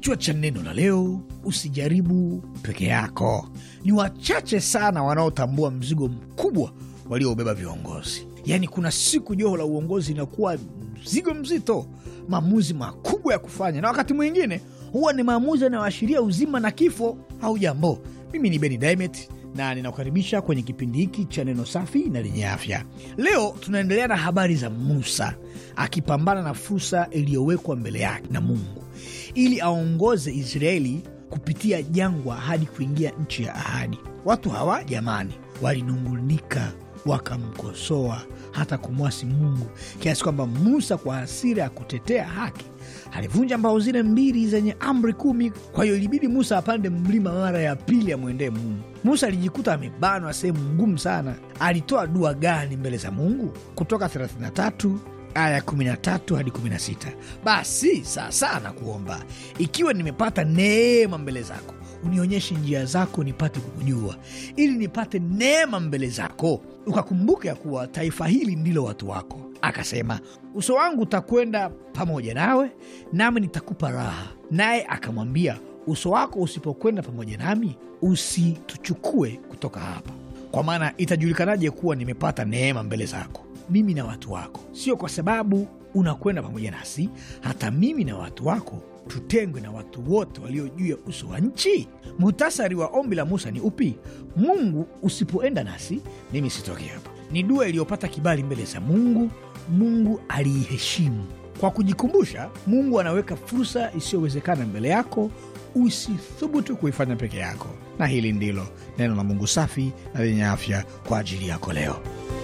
Kichwa cha neno la leo: usijaribu peke yako. Ni wachache sana wanaotambua mzigo mkubwa waliobeba viongozi. Yaani, kuna siku joho la uongozi inakuwa mzigo mzito, maamuzi makubwa ya kufanya, na wakati mwingine huwa ni maamuzi yanayoashiria uzima na kifo au jambo. Mimi ni Beni Dimet na ninakukaribisha kwenye kipindi hiki cha neno safi na lenye afya. Leo tunaendelea na habari za Musa akipambana na fursa iliyowekwa mbele yake na Mungu ili aongoze Israeli kupitia jangwa hadi kuingia nchi ya ahadi. Watu hawa jamani, walinungunika wakamkosoa hata kumwasi Mungu kiasi kwamba Musa kwa hasira ya kutetea haki alivunja mbao zile mbili zenye amri kumi. Kwa hiyo ilibidi Musa apande mlima mara ya pili amwendee Mungu. Musa alijikuta amebanwa sehemu ngumu sana. Alitoa dua gani mbele za Mungu? Kutoka 33 aya 13 hadi 16: basi sasa nakuomba, ikiwa nimepata neema mbele zako unionyeshe njia zako nipate kukujua, ili nipate neema mbele zako, ukakumbuka ya kuwa taifa hili ndilo watu wako. Akasema, uso wangu utakwenda pamoja nawe, nami nitakupa raha. Naye akamwambia, uso wako usipokwenda pamoja nami, usituchukue kutoka hapa. Kwa maana itajulikanaje kuwa nimepata neema mbele zako, mimi na watu wako? Sio kwa sababu unakwenda pamoja nasi, hata mimi na watu wako tutengwe na watu wote walio juu ya uso wa nchi? Muhtasari wa ombi la Musa ni upi? Mungu usipoenda nasi, mimi sitoke hapa. Ni dua iliyopata kibali mbele za Mungu. Mungu aliiheshimu kwa kujikumbusha. Mungu anaweka fursa isiyowezekana mbele yako, usithubutu kuifanya peke yako. Na hili ndilo neno la Mungu safi na lenye afya kwa ajili yako leo.